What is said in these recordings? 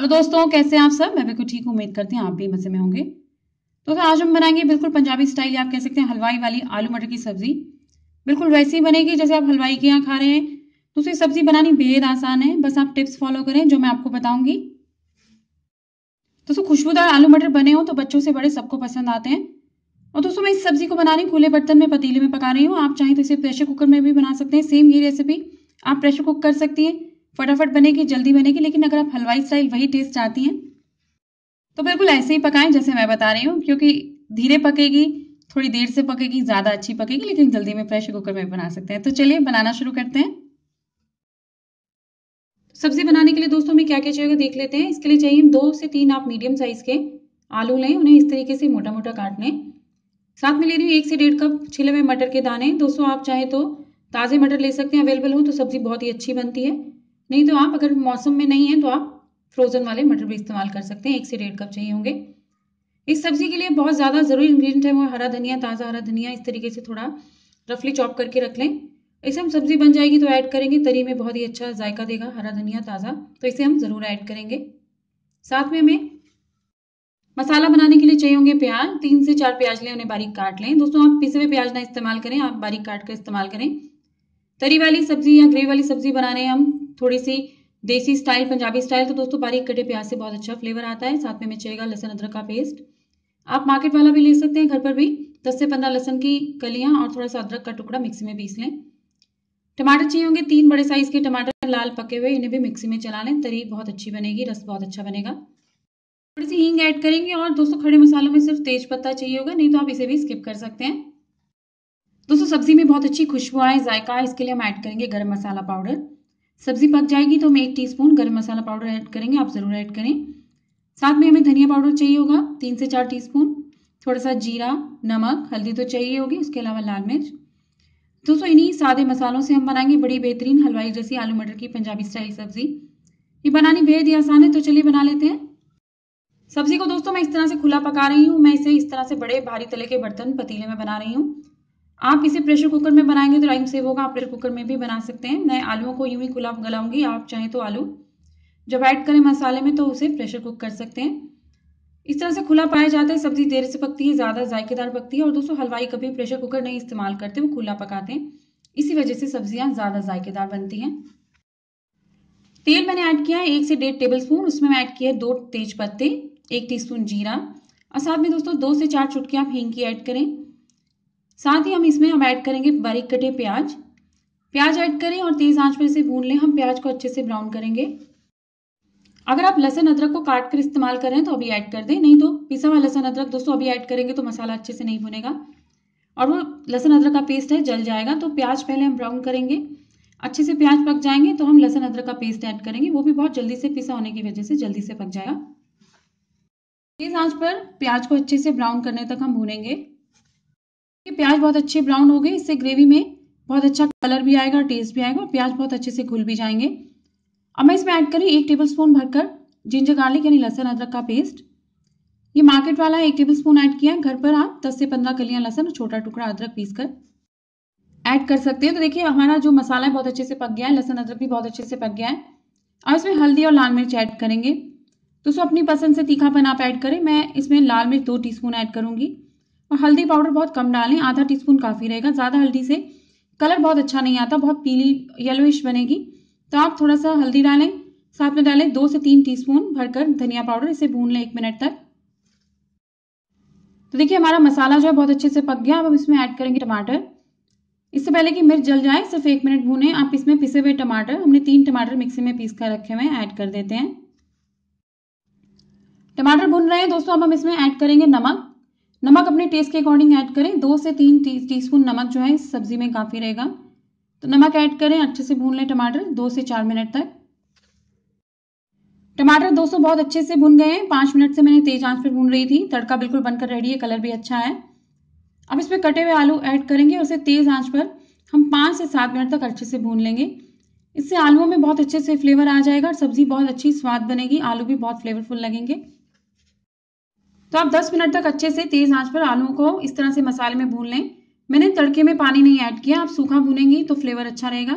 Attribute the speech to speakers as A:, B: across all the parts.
A: hello दोस्तों कैसे हैं आप सब मैं बिल्कुल ठीक उम्मीद करती हूँ आप भी मज़े में होंगे तो, फिर आज हम बनाएंगे बिल्कुल पंजाबी स्टाइल आप कह सकते हैं हलवाई वाली आलू मटर की सब्ज़ी बिल्कुल वैसी ही बनेगी जैसे आप हलवाई के यहाँ खा रहे हैं तो उसे सब्ज़ी बनानी बेहद आसान है बस आप टिप्स फॉलो करें जो मैं आपको बताऊंगी दोस्तों खुशबूदार आलू मटर बने हो तो बच्चों से बड़े सबको पसंद आते हैं और दोस्तों मैं इस सब्ज़ी को बनाने खुले बर्तन में पतीले में पका रही हूँ आप चाहें तो इसे प्रेशर कुकर में भी बना सकते हैं सेम ये रेसिपी आप प्रेशर कुक कर सकती हैं फटाफट बनेगी जल्दी बनेगी लेकिन अगर आप हलवाई स्टाइल वही टेस्ट चाहती हैं तो बिल्कुल ऐसे ही पकाएं जैसे मैं बता रही हूँ क्योंकि धीरे पकेगी थोड़ी देर से पकेगी ज़्यादा अच्छी पकेगी लेकिन जल्दी में प्रेशर कुकर में बना सकते हैं तो चलिए बनाना शुरू करते हैं सब्जी बनाने के लिए दोस्तों हमें क्या क्या चाहिए देख लेते हैं इसके लिए चाहिए दो से तीन आप मीडियम साइज़ के आलू लें उन्हें इस तरीके से मोटा मोटा काट लें साथ में ले रही हूँ एक से डेढ़ कप छिले हुए मटर के दाने दोस्तों आप चाहें तो ताज़े मटर ले सकते हैं अवेलेबल हो तो सब्ज़ी बहुत ही अच्छी बनती है नहीं तो आप अगर मौसम में नहीं है तो आप फ्रोज़न वाले मटर भी इस्तेमाल कर सकते हैं एक से डेढ़ कप चाहिए होंगे इस सब्ज़ी के लिए बहुत ज़्यादा ज़रूरी इंग्रेडिएंट है वो हरा धनिया ताज़ा हरा धनिया इस तरीके से थोड़ा रफली चॉप करके रख लें इसे हम सब्ज़ी बन जाएगी तो ऐड करेंगे तरी में बहुत ही अच्छा जायका देगा हरा धनिया ताज़ा तो इसे हम ज़रूर ऐड करेंगे साथ में हमें मसाला बनाने के लिए चाहिए होंगे प्याज तीन से चार प्याज लें उन्हें बारीक काट लें दोस्तों आप पिसे हुए प्याज ना इस्तेमाल करें आप बारीक काट कर इस्तेमाल करें तरी वाली सब्ज़ी या ग्रेवी वाली सब्ज़ी बनाने हम थोड़ी सी देसी स्टाइल पंजाबी स्टाइल तो दोस्तों बारीक कटे प्याज से बहुत अच्छा फ्लेवर आता है साथ में मिर्चेगा लहसन अदरक का पेस्ट आप मार्केट वाला भी ले सकते हैं घर पर भी दस से पंद्रह लहसन की कलियां और थोड़ा सा अदरक का टुकड़ा मिक्सी में पीस लें टमाटर चाहिए होंगे तीन बड़े साइज के टमाटर लाल पके हुए इन्हें भी मिक्सी में चला लें तरी बहुत अच्छी बनेगी रस बहुत अच्छा बनेगा थोड़ी सी हींग ऐड करेंगे और दोस्तों खड़े मसालों में सिर्फ तेज पत्ता चाहिए होगा नहीं तो आप इसे भी स्किप कर सकते हैं दोस्तों सब्जी में बहुत अच्छी खुशबू आए जायका इसके लिए हम ऐड करेंगे गर्म मसाला पाउडर सब्ज़ी पक जाएगी तो हम एक टीस्पून गरम मसाला पाउडर ऐड करेंगे आप ज़रूर ऐड करें साथ में हमें धनिया पाउडर चाहिए होगा तीन से चार टीस्पून थोड़ा सा जीरा नमक हल्दी तो चाहिए होगी उसके अलावा लाल मिर्च दोस्तों इन्हीं सादे मसालों से हम बनाएंगे बड़ी बेहतरीन हलवाई जैसी आलू मटर की पंजाबी स्टाइल सब्ज़ी ये बनानी बेहद ही आसान है तो चलिए बना लेते हैं सब्जी को दोस्तों मैं इस तरह से खुला पका रही हूँ मैं इसे इस तरह से बड़े भारी तले के बर्तन पतीले में बना रही हूँ आप इसे प्रेशर कुकर में बनाएंगे तो टाइम सेव होगा आप प्रेशर कुकर में भी बना सकते हैं मैं आलूओं को यूं ही गुलाब गलाऊंगी आप चाहें तो आलू जब ऐड करें मसाले में तो उसे प्रेशर कुक कर सकते हैं इस तरह से खुला पाया जाता है सब्जी देर से पकती है ज़्यादा जायकेदार पकती है और दोस्तों हलवाई कभी प्रेशर कुकर नहीं इस्तेमाल करते वो खुला पकाते हैं इसी वजह से सब्जियाँ ज़्यादा जायकेदार बनती हैं तेल मैंने ऐड किया है एक से डेढ़ टेबल स्पून उसमें मैं ऐड किया है दो तेज पत्ते एक स्पून जीरा और साथ में दोस्तों दो से चार चुटकियाँ आप हींग की ऐड करें साथ ही हम इसमें हम ऐड करेंगे बारीक कटे प्याज प्याज ऐड करें और तेज़ आंच पर इसे भून लें हम प्याज को अच्छे से ब्राउन करेंगे अगर आप लहसन अदरक को काट कर इस्तेमाल कर रहे हैं तो अभी ऐड कर दें नहीं तो पिसा हुआ लहसन अदरक दोस्तों अभी ऐड करेंगे तो मसाला अच्छे से नहीं भुनेगा और वो लहसन अदरक का पेस्ट है जल जाएगा तो प्याज पहले हम ब्राउन करेंगे अच्छे से प्याज पक जाएंगे तो हम लहसन अदरक का पेस्ट ऐड करेंगे वो भी बहुत जल्दी से पिसा होने की वजह से जल्दी से पक जाएगा तेज़ आंच पर प्याज को अच्छे से ब्राउन करने तक हम भूनेंगे प्याज बहुत अच्छे ब्राउन हो गए इससे ग्रेवी में बहुत अच्छा कलर भी आएगा टेस्ट भी आएगा और प्याज बहुत अच्छे से घुल भी जाएंगे अब मैं इसमें ऐड करी एक टेबल स्पून भरकर जिंजर गार्लिक यानी लहसन अदरक का पेस्ट ये मार्केट वाला एक टेबल स्पून ऐड किया घर पर आप 10 से 15 कलियां लहसन और छोटा टुकड़ा अदरक पीस कर ऐड कर सकते हैं तो देखिए हमारा जो मसाला है बहुत अच्छे से पक गया है लहसन अदरक भी बहुत अच्छे से पक गया है अब इसमें हल्दी और लाल मिर्च ऐड करेंगे तो सो अपनी पसंद से तीखापन आप ऐड करें मैं इसमें लाल मिर्च दो टी स्पून ऐड करूंगी हल्दी पाउडर बहुत कम डालें आधा टीस्पून काफ़ी रहेगा ज़्यादा हल्दी से कलर बहुत अच्छा नहीं आता बहुत पीली येलोइश बनेगी तो आप थोड़ा सा हल्दी डालें साथ में डालें दो से तीन टीस्पून भरकर धनिया पाउडर इसे भून लें एक मिनट तक तो देखिए हमारा मसाला जो है बहुत अच्छे से पक गया अब हम इसमें ऐड करेंगे टमाटर इससे पहले कि मिर्च जल जाए सिर्फ एक मिनट भूनें आप इसमें पिसे हुए टमाटर हमने तीन टमाटर मिक्सी में पीस कर रखे हुए ऐड कर देते हैं टमाटर भून रहे हैं दोस्तों अब हम इसमें ऐड करेंगे नमक नमक अपने टेस्ट के अकॉर्डिंग ऐड करें दो से तीन टी टीस्पून नमक जो है इस सब्ज़ी में काफ़ी रहेगा तो नमक ऐड करें अच्छे से भून लें टमाटर दो से चार मिनट तक टमाटर दोस्तों बहुत अच्छे से भून गए हैं पाँच मिनट से मैंने तेज आंच पर भून रही थी तड़का बिल्कुल बनकर रेडी है कलर भी अच्छा है अब इसमें कटे हुए आलू ऐड करेंगे और उसे तेज़ आंच पर हम पाँच से सात मिनट तक अच्छे से भून लेंगे इससे आलूओं में बहुत अच्छे से फ्लेवर आ जाएगा और सब्ज़ी बहुत अच्छी स्वाद बनेगी आलू भी बहुत फ्लेवरफुल लगेंगे तो आप 10 मिनट तक अच्छे से तेज़ आंच पर आलू को इस तरह से मसाले में भून लें मैंने तड़के में पानी नहीं ऐड किया आप सूखा भुनेंगी तो फ्लेवर अच्छा रहेगा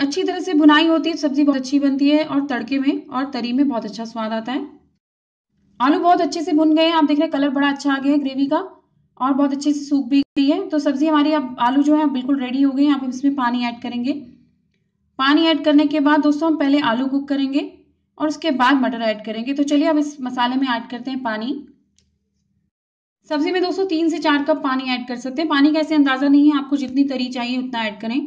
A: अच्छी तरह से भुनाई होती है सब्ज़ी बहुत अच्छी बनती है और तड़के में और तरी में बहुत अच्छा स्वाद आता है आलू बहुत अच्छे से भुन गए हैं आप देख रहे हैं कलर बड़ा अच्छा आ गया है ग्रेवी का और बहुत अच्छे से सूख भी गई है तो सब्ज़ी हमारी अब आलू जो है बिल्कुल रेडी हो गई है आप इसमें पानी ऐड करेंगे पानी ऐड करने के बाद दोस्तों हम पहले आलू कुक करेंगे और उसके बाद मटर ऐड करेंगे तो चलिए अब इस मसाले में ऐड करते हैं पानी सब्जी में दोस्तों तीन से चार कप पानी ऐड कर सकते हैं पानी का ऐसे अंदाजा नहीं है आपको जितनी तरी चाहिए उतना ऐड करें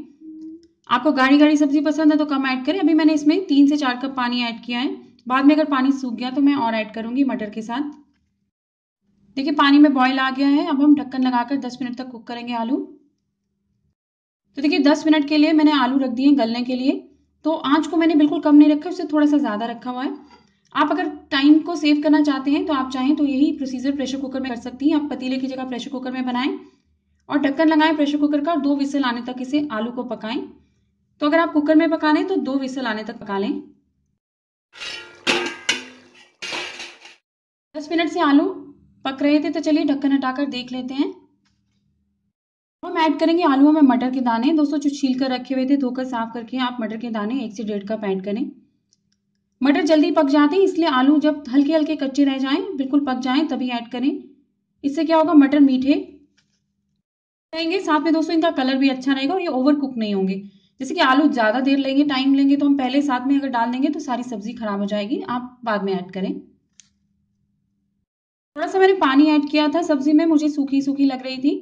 A: आपको गाढ़ी गाढ़ी सब्जी पसंद है तो कम ऐड करें अभी मैंने इसमें तीन से चार कप पानी ऐड किया है बाद में अगर पानी सूख गया तो मैं और ऐड करूंगी मटर के साथ देखिए पानी में बॉईल आ गया है अब हम ढक्कन लगाकर 10 मिनट तक कुक करेंगे आलू तो देखिए 10 मिनट के लिए मैंने आलू रख दिए गलने के लिए तो आँच को मैंने बिल्कुल कम नहीं रखा उससे थोड़ा सा ज़्यादा रखा हुआ है आप अगर टाइम को सेव करना चाहते हैं तो आप चाहें तो यही प्रोसीजर प्रेशर कुकर में कर सकती हैं आप पतीले की जगह प्रेशर कुकर में बनाएं और ढक्कन लगाएं प्रेशर कुकर का और दो विसल आने तक इसे आलू को पकाएं तो अगर आप कुकर में पका लें तो दो विसल आने तक पका लें दस मिनट से आलू पक रहे थे तो चलिए ढक्कन हटाकर देख लेते हैं हम ऐड करेंगे आलूओं में मटर के दाने दोस्तों जो छील कर रखे हुए थे धोकर साफ करके आप मटर के दाने एक से डेढ़ कप ऐड करें मटर जल्दी पक जाते हैं इसलिए आलू जब हल्के हल्के कच्चे रह जाएं बिल्कुल पक जाएं तभी ऐड करें इससे क्या होगा मटर मीठे रहेंगे साथ में दोस्तों इनका कलर भी अच्छा रहेगा और ये ओवर कुक नहीं होंगे जैसे कि आलू ज़्यादा देर लेंगे टाइम लेंगे तो हम पहले साथ में अगर डाल देंगे तो सारी सब्जी खराब हो जाएगी आप बाद में ऐड करें थोड़ा सा मैंने पानी ऐड किया था सब्जी में मुझे सूखी सूखी लग रही थी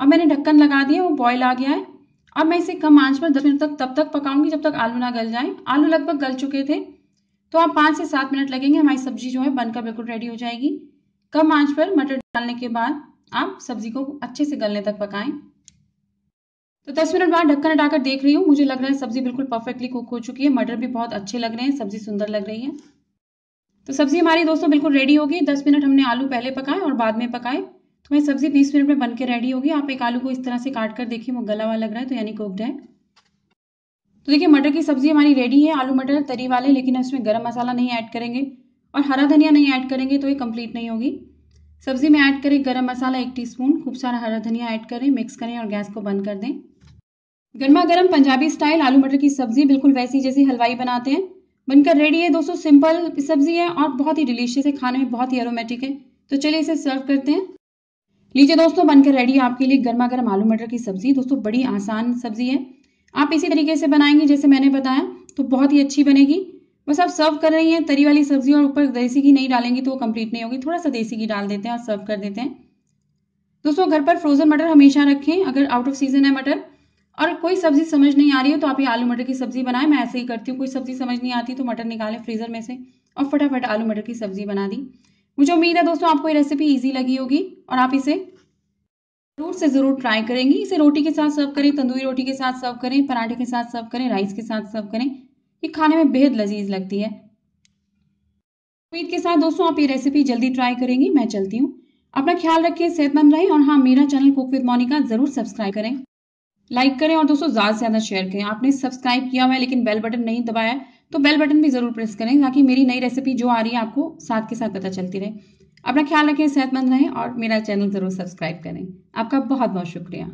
A: अब मैंने ढक्कन लगा दिया वो बॉयल आ गया है अब मैं इसे कम आंच पर दस मिनट तक तब तक पकाऊंगी जब तक आलू ना गल जाए आलू लगभग गल चुके थे तो आप पाँच से सात मिनट लगेंगे हमारी सब्जी जो है बनकर बिल्कुल रेडी हो जाएगी कम आंच पर मटर डालने के बाद आप सब्जी को अच्छे से गलने तक पकाएं तो दस मिनट बाद ढक्कन हटाकर देख रही हूँ मुझे लग रहा है सब्जी बिल्कुल परफेक्टली कुक हो चुकी है मटर भी बहुत अच्छे लग रहे हैं सब्जी सुंदर लग रही है तो सब्जी हमारी दोस्तों बिल्कुल रेडी होगी दस मिनट हमने आलू पहले पकाए और बाद में पकाए तो मैं सब्ज़ी बीस मिनट में बन के रेडी होगी आप एक आलू को इस तरह से काट कर देखिए वो गला हुआ लग रहा है तो यानी कोक्ड है तो देखिए मटर की सब्ज़ी हमारी रेडी है आलू मटर तरी वाले लेकिन इसमें गर्म मसाला नहीं ऐड करेंगे और हरा धनिया नहीं ऐड करेंगे तो ये कंप्लीट नहीं होगी सब्ज़ी में ऐड करें गरम मसाला एक टीस्पून खूब सारा हरा धनिया ऐड करें मिक्स करें और गैस को बंद कर दें गर्मा गर्म पंजाबी स्टाइल आलू मटर की सब्ज़ी बिल्कुल वैसी जैसी हलवाई बनाते हैं बनकर रेडी है दोस्तों सिंपल सब्ज़ी है और बहुत ही डिलीशियस है खाने में बहुत ही अरोमेटिक है तो चलिए इसे सर्व करते हैं लीजिए दोस्तों बनकर रेडी आपके लिए गर्मा गर्म आलू मटर की सब्जी दोस्तों बड़ी आसान सब्जी है आप इसी तरीके से बनाएंगे जैसे मैंने बताया तो बहुत ही अच्छी बनेगी बस आप सर्व कर रही हैं तरी वाली सब्जी और ऊपर देसी घी नहीं डालेंगी तो वो कंप्लीट नहीं होगी थोड़ा सा देसी घी डाल देते हैं और सर्व कर देते हैं दोस्तों घर पर फ्रोजन मटर हमेशा रखें अगर आउट ऑफ सीजन है मटर और कोई सब्जी समझ नहीं आ रही हो तो आप ये आलू मटर की सब्जी बनाएं मैं ऐसे ही करती हूँ कोई सब्जी समझ नहीं आती तो मटर निकालें फ्रीजर में से और फटाफट आलू मटर की सब्जी बना दी मुझे उम्मीद है दोस्तों आपको ये रेसिपी ईजी लगी होगी और आप इसे जरूर से ज़रूर ट्राई करेंगे इसे रोटी के साथ सर्व करें तंदूरी रोटी के साथ सर्व करें पराठे के साथ सर्व करें राइस के साथ सर्व करें ये खाने में बेहद लजीज लगती है उम्मीद के साथ दोस्तों आप ये रेसिपी जल्दी ट्राई करेंगे मैं चलती हूँ अपना ख्याल रखिए सेहतमंद रहें और हाँ मेरा चैनल कुक विद मोनिका ज़रूर सब्सक्राइब करें लाइक करें और दोस्तों ज़्यादा से ज़्यादा शेयर करें आपने सब्सक्राइब किया हुआ है लेकिन बेल बटन नहीं दबाया तो बेल बटन भी ज़रूर प्रेस करें ताकि मेरी नई रेसिपी जो आ रही है आपको साथ के साथ पता चलती रहे अपना ख्याल रखें सेहतमंद रहें और मेरा चैनल ज़रूर सब्सक्राइब करें आपका बहुत बहुत शुक्रिया